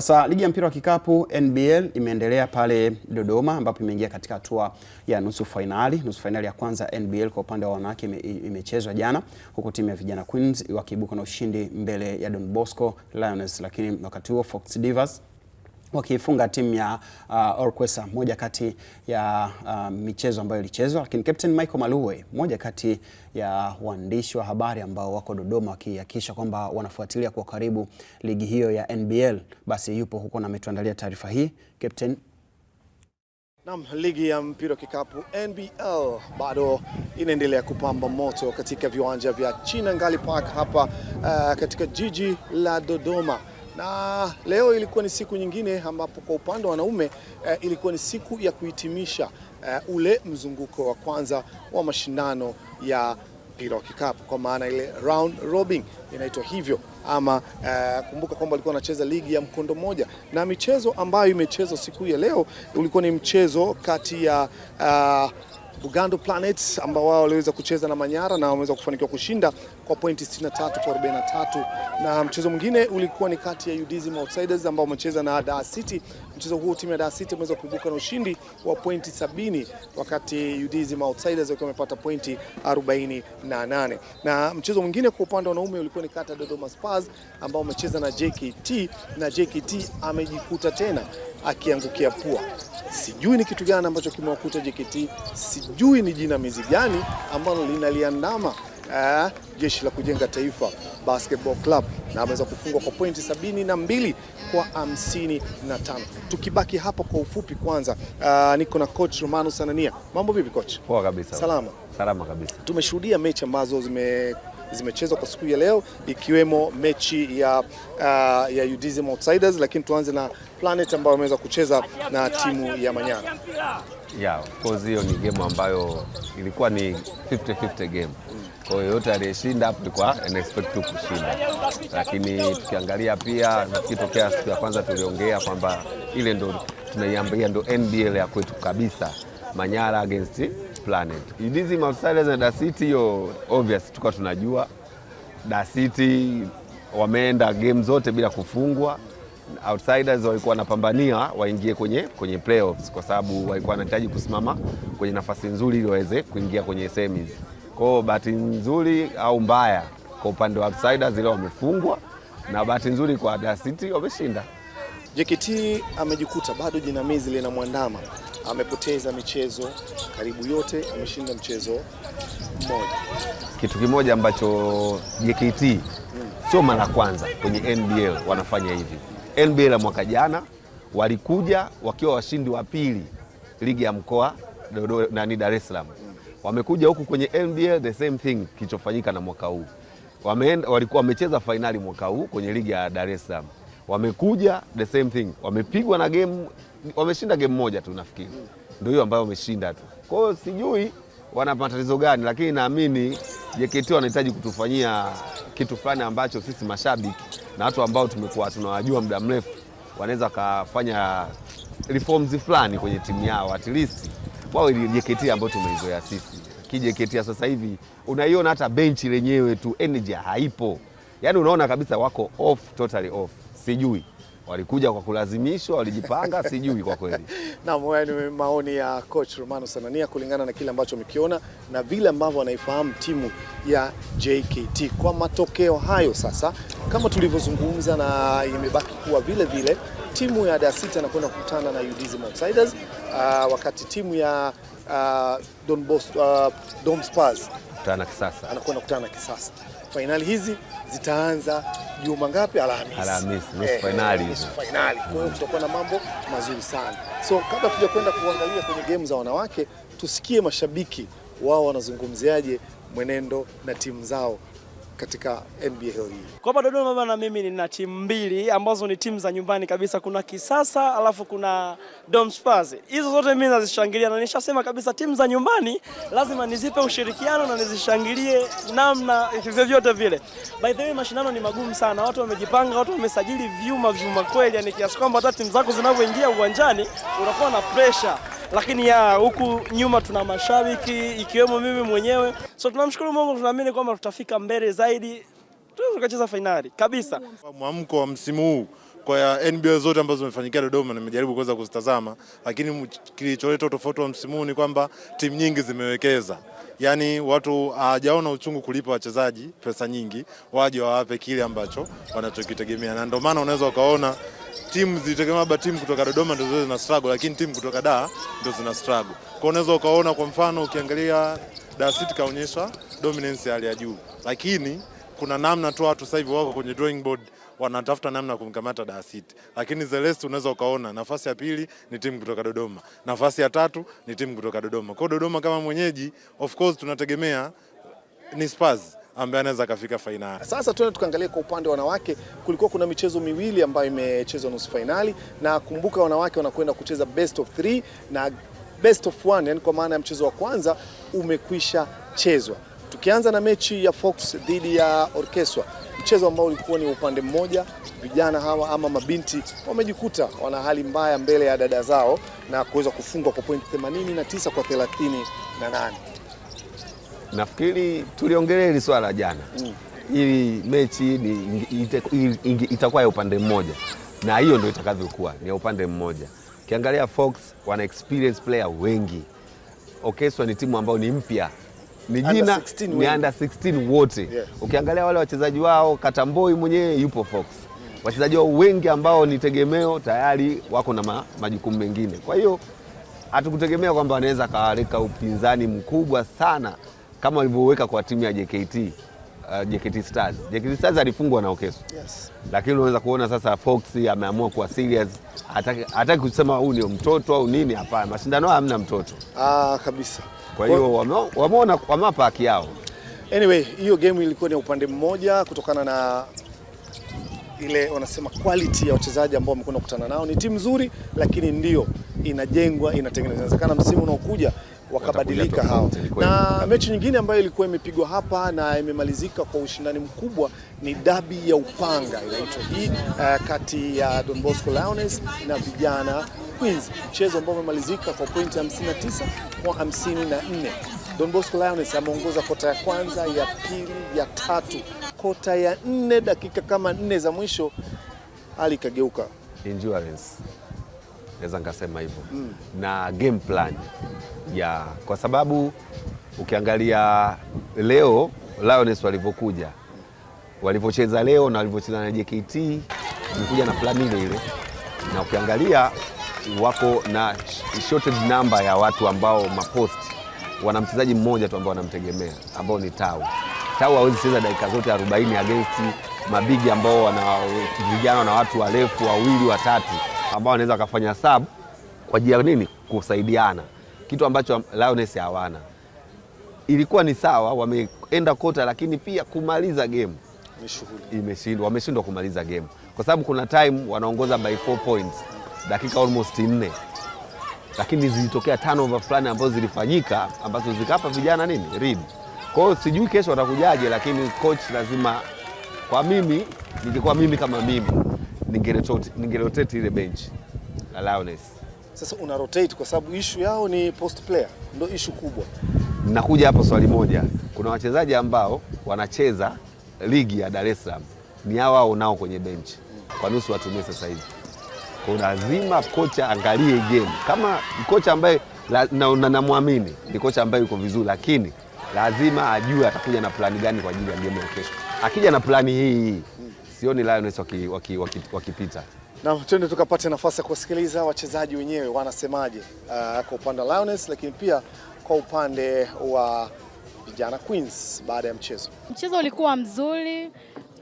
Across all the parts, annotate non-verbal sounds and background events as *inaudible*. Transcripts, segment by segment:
Sasa ligi ya mpira wa kikapu NBL imeendelea pale Dodoma ambapo imeingia katika hatua ya nusu fainali. Nusu fainali ya kwanza NBL kwa upande wa wanawake imechezwa ime jana, huku timu ya vijana Queens wakiibuka na ushindi mbele ya Don Bosco Lions, lakini wakati huo Fox Divas wakiifunga timu ya uh, Orkwesa, moja kati ya uh, michezo ambayo ilichezwa. Lakini Captain Michael Maluwe, moja kati ya waandishi wa habari ambao wako Dodoma wakihakikisha kwamba wanafuatilia kwa karibu ligi hiyo ya NBL, basi yupo huko na ametuandalia taarifa hii. Captain. Naam, ligi ya mpira wa kikapu NBL bado inaendelea kupamba moto katika viwanja vya Ngali Park hapa uh, katika jiji la Dodoma na leo ilikuwa ni siku nyingine ambapo kwa upande wa wanaume eh, ilikuwa ni siku ya kuhitimisha eh, ule mzunguko wa kwanza wa mashindano ya mpira wa kikapu kwa maana ile round robin inaitwa hivyo ama uh, kumbuka kwamba walikuwa wanacheza ligi ya mkondo mmoja, na michezo ambayo imechezwa siku ya leo ulikuwa ni mchezo kati ya uh, Bugando Planets ambao wao waliweza kucheza na Manyara na wameweza kufanikiwa kushinda kwa pointi 63 kwa 43, na mchezo mwingine ulikuwa ni kati ya UDSM Outsiders ambao wamecheza na Dar City. Mchezo huu timu ya Dar City imeweza kuibuka na ushindi wa pointi 70, wakati UDSM Outsiders wakiwa wamepata pointi 48. Na mchezo mwingine kwa upande wa wanaume ulikuwa ni kati ya Dodoma Spurs ambao wamecheza na JKT, na JKT amejikuta tena akiangukia pua. Sijui ni kitu gani ambacho kimewakuta JKT, sijui ni jinamizi gani ambalo linaliandama eh, jeshi la kujenga taifa basketball club na ameweza kufungwa kwa pointi sabini na mbili kwa hamsini na tano. Tukibaki hapo kwa ufupi kwanza, uh, niko na coach Romano Sanania. Mambo vipi coach? Poa kabisa. Salama. Salama kabisa. Tumeshuhudia mechi ambazo zime zimechezwa kwa siku ya leo ikiwemo mechi ya, uh, ya UDSM Outsiders, lakini tuanze na Planet ambayo wameweza kucheza na timu ya Manyara. Yeah, of course hiyo ni game ambayo ilikuwa ni 50-50 game. Kwa hiyo yote aliyeshinda hapo tulikuwa expect tu kushinda, lakini tukiangalia pia kitokea siku ya kwanza tuliongea kwamba ile ndo tunaiambia ndo NBL ya kwetu kabisa, Manyara against Planet. Idizi Outsiders na Da City yo obvious tulikuwa tunajua Da City wameenda game zote bila kufungwa outsiders walikuwa wanapambania waingie kwenye, kwenye playoffs kwa sababu walikuwa wanahitaji kusimama kwenye nafasi nzuri ili waweze kuingia kwenye semis. Kwa hiyo bahati nzuri au mbaya kwa upande wa outsiders ile wamefungwa na bahati nzuri kwa Dar City wameshinda. JKT amejikuta bado jinamizi linamwandama, amepoteza michezo karibu yote, ameshinda mchezo mmoja. Kitu kimoja ambacho JKT hmm, sio mara kwanza kwenye NBL wanafanya hivi NBA la mwaka jana walikuja wakiwa washindi wa pili ligi ya mkoa nani Dar es Salaam. Wamekuja huku kwenye NBL the same thing kilichofanyika na mwaka huu. Wameenda walikuwa wamecheza fainali mwaka huu kwenye ligi ya Dar es Salaam. Wamekuja the same thing. Wamepigwa na game wameshinda game moja tu nafikiri. Ndio hiyo ambayo wameshinda tu. Kwa hiyo sijui wana matatizo gani, lakini naamini JKT wanahitaji kutufanyia kitu fulani ambacho sisi mashabiki na watu ambao tumekuwa tunawajua muda mrefu wanaweza wakafanya reforms fulani kwenye timu yao, at least wao ile JKT ambayo tumeizoea sisi. Ki JKT ya sasa hivi unaiona hata benchi lenyewe tu energy haipo, yani unaona kabisa wako off, totally off, sijui walikuja kwa kulazimishwa, walijipanga *laughs* sijui kwa kweli. Naam, haya ni maoni ya coach Romano Sanania kulingana na kile ambacho amekiona na vile ambavyo anaifahamu timu ya JKT. Kwa matokeo hayo sasa, kama tulivyozungumza, na imebaki kuwa vile vile timu ya Dar City anakwenda kukutana na UDSM Outsiders, uh, wakati timu ya uh, Don Bosco, uh, ah, Dom Spurs na kisasa, anakwenda kukutana kisasa. Fainali hizi zitaanza juma ngapi? Alhamisi, Alhamisi nusu eh, hizo, fainali. Kwa hiyo tutakuwa na mambo mazuri sana. So kabla tuja kwenda kuangalia kwenye game za wanawake, tusikie mashabiki wao wanazungumziaje mwenendo na timu zao katika NBL hii. Kwa hapa Dodoma na mimi nina timu mbili ambazo ni timu za nyumbani kabisa. Kuna Kisasa alafu kuna Dom Spurs. Hizo zote mimi nazishangilia na nishasema kabisa timu za nyumbani lazima nizipe ushirikiano na nizishangilie namna vyovyote vile. By the way, mashindano ni magumu sana, watu wamejipanga, watu wamesajili vyuma vyuma kweli, yani kiasi kwamba hata timu zako zinavyoingia uwanjani unakuwa na pressure lakini ya huku nyuma tuna mashabiki ikiwemo mimi mwenyewe, so tunamshukuru Mungu, tunaamini kwamba tutafika mbele zaidi, tunaweza kucheza fainali kabisa. Mwamko wa msimu huu kwa nba zote ambazo zimefanyikia Dodoma nimejaribu kuweza kuzitazama, lakini kilicholeta tofauti wa msimu ni kwamba timu nyingi zimewekeza, yaani watu hawajaona uchungu kulipa wachezaji pesa nyingi, waje wawape kile ambacho wanachokitegemea, na ndio maana unaweza ukaona timu zitegemea labda timu kutoka Dodoma ndio zina struggle, lakini timu kutoka Dar ndio zina struggle. Kwa unaweza ukaona kwa mfano ukiangalia Dar City kaonyesha dominance hali ya juu, lakini kuna namna tu watu sasa hivi wako kwenye drawing board wanatafuta namna ya kumkamata Dar City, lakini the rest unaweza ukaona, nafasi ya pili ni timu kutoka Dodoma, nafasi ya tatu ni timu kutoka Dodoma. Kwa Dodoma kama mwenyeji, of course tunategemea ni Spurs ambaye anaweza akafika fainali. Sasa tuende tukaangalie kwa upande wa wanawake, kulikuwa kuna michezo miwili ambayo imechezwa nusu fainali, na kumbuka wanawake wanakwenda kucheza best of three na best of one, yani kwa maana ya mchezo wa kwanza umekwisha chezwa, tukianza na mechi ya Fox dhidi ya Orkeswa, mchezo ambao ulikuwa ni upande mmoja. Vijana hawa ama mabinti wamejikuta wana hali mbaya mbele ya dada zao na kuweza kufungwa kwa pointi 89 kwa 38. Nafikiri tuliongelea hili swala jana mm. Ili mechi itakuwa ya upande mmoja, na hiyo ndio itakavyokuwa ni ya upande mmoja. Ukiangalia Fox wana experience player wengi. Okeswa ni timu ambayo ni mpya, ni jina ni under 16 wote, yes. Ukiangalia wale wachezaji wao, Katamboi mwenyewe yupo Fox, wachezaji wao wengi ambao ni tegemeo tayari wako na ma, majukumu mengine, kwa hiyo hatukutegemea kwamba wanaweza akawaleka upinzani mkubwa sana kama walivyoweka kwa timu ya JKT uh, JKT Stars. JKT Stars alifungwa na Okeso. Yes. Lakini unaweza kuona sasa Fox ameamua kuwa serious. Hataki, hataki kusema huyu ndio mtoto au nini, hapana. Mashindano haya hamna mtoto. Ah, kabisa. Kwa hiyo wameona wamapa haki yao. Anyway, hiyo game ilikuwa ni upande mmoja kutokana na ile wanasema quality ya wachezaji ambao wamekuwa kukutana nao. Ni timu nzuri, lakini ndio inajengwa, inatengenezekana msimu unaokuja wakabadilika hao. Na mechi nyingine ambayo ilikuwa imepigwa hapa na imemalizika kwa ushindani mkubwa ni dabi ya Upanga inaitwa hii, uh, kati ya Don Bosco Lions na vijana Queens, mchezo ambao umemalizika kwa pointi 59 kwa 54. Don Bosco Lions ameongoza kota ya kwanza, ya pili, ya tatu. Kota ya nne, dakika kama nne za mwisho hali ikageuka. Endurance naweza nikasema hivyo mm. na game plan ya kwa sababu ukiangalia leo Lions walivyokuja walivyocheza leo na walivyocheza na JKT wamekuja na plan ile ile, na ukiangalia wako na shorted number ya watu ambao mapost wana mchezaji mmoja tu ambao wanamtegemea ambao ni Tau. Tau hawezi cheza dakika zote 40 against mabigi ambao wana vijana na watu warefu wawili watatu ambao anaweza akafanya sub kwa ajili ya nini? Kusaidiana, kitu ambacho Lioness hawana. Ilikuwa ni sawa, wameenda kota, lakini pia kumaliza game imeshindwa, wameshindwa kumaliza game kwa sababu kuna time wanaongoza by 4 points dakika almost 4, lakini zilitokea turnover fulani ambazo zilifanyika ambazo zikapa vijana nini read. Kwa hiyo sijui kesho watakujaje, lakini coach lazima, kwa mimi nikikuwa mimi kama mimi ningerotate ile bench allowance. Sasa una rotate kwa sababu issue yao ni post player, ndio issue kubwa. Nakuja hapo swali moja, kuna wachezaji ambao wanacheza ligi ya Dar es Salaam ni hao hao nao kwenye benchi kwa nusu watumie sasa hivi. Kwa lazima kocha angalie game, kama kocha ambaye namwamini na, na ni kocha ambaye yuko vizuri, lakini lazima ajue atakuja na plani gani kwa ajili ya game ya kesho. Akija na plani hii hii sioni Lions wakipita waki, waki, waki na twende tukapata nafasi ya kuwasikiliza wachezaji wenyewe wanasemaje, uh, kwa upande wa Lions lakini pia kwa upande wa vijana Queens baada ya mchezo. Mchezo ulikuwa mzuri,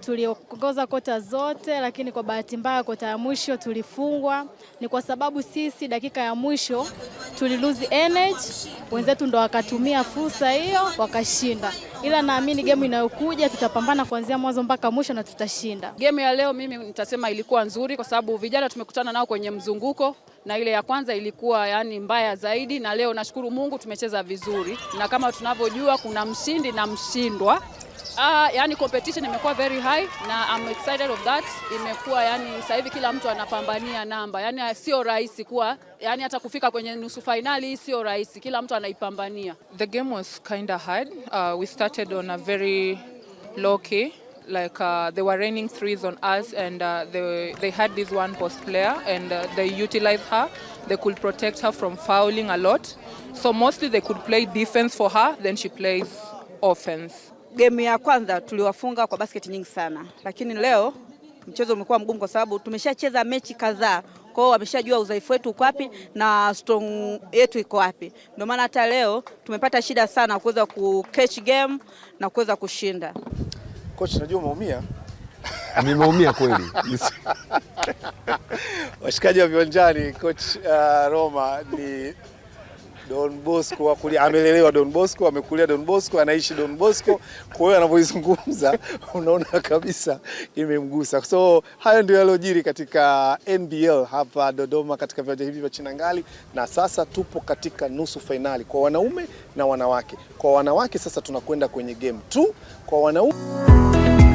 tuliongoza kota zote, lakini kwa bahati mbaya kota ya mwisho tulifungwa. Ni kwa sababu sisi dakika ya mwisho tulilose energy, wenzetu ndo wakatumia fursa hiyo wakashinda ila naamini gemu inayokuja tutapambana kuanzia mwanzo mpaka mwisho na tutashinda. Gemu ya leo mimi nitasema ilikuwa nzuri, kwa sababu vijana tumekutana nao kwenye mzunguko na ile ya kwanza ilikuwa yani mbaya zaidi, na leo nashukuru Mungu tumecheza vizuri, na kama tunavyojua kuna mshindi na mshindwa. Uh, yani competition imekuwa very high na I'm excited of that. Imekuwa yani sasa hivi kila mtu anapambania namba, yani ah, sio rahisi kuwa yani hata kufika kwenye nusu finali sio rahisi, kila mtu anaipambania. The game was of hard. Uh, we started on a very low key like uh, they were raining threes on us and uh, they, they had this one post player and uh, they utilized her they could protect her from fouling a lot so mostly they could play defense for her then she plays offense Game ya kwanza tuliwafunga kwa basket nyingi sana, lakini leo mchezo umekuwa mgumu kwa sababu tumeshacheza mechi kadhaa, kwa hiyo wameshajua udhaifu wetu uko wapi na strong yetu iko wapi. Ndio maana hata leo tumepata shida sana kuweza ku catch game na kuweza kushinda. Coach, najua umeumia. *laughs* Nimeumia kweli. *laughs* Washikaji wa viwanjani, coach uh, Roma ni Don Bosco akulia, amelelewa Don Bosco, amekulia Don Bosco, anaishi Don Bosco. Kwa hiyo anavyozungumza *laughs* unaona kabisa imemgusa. So hayo ndio yalojiri katika NBL hapa Dodoma katika viwanja hivi vya Chinangali, na sasa tupo katika nusu fainali kwa wanaume na wanawake. Kwa wanawake sasa tunakwenda kwenye game tu kwa wanaume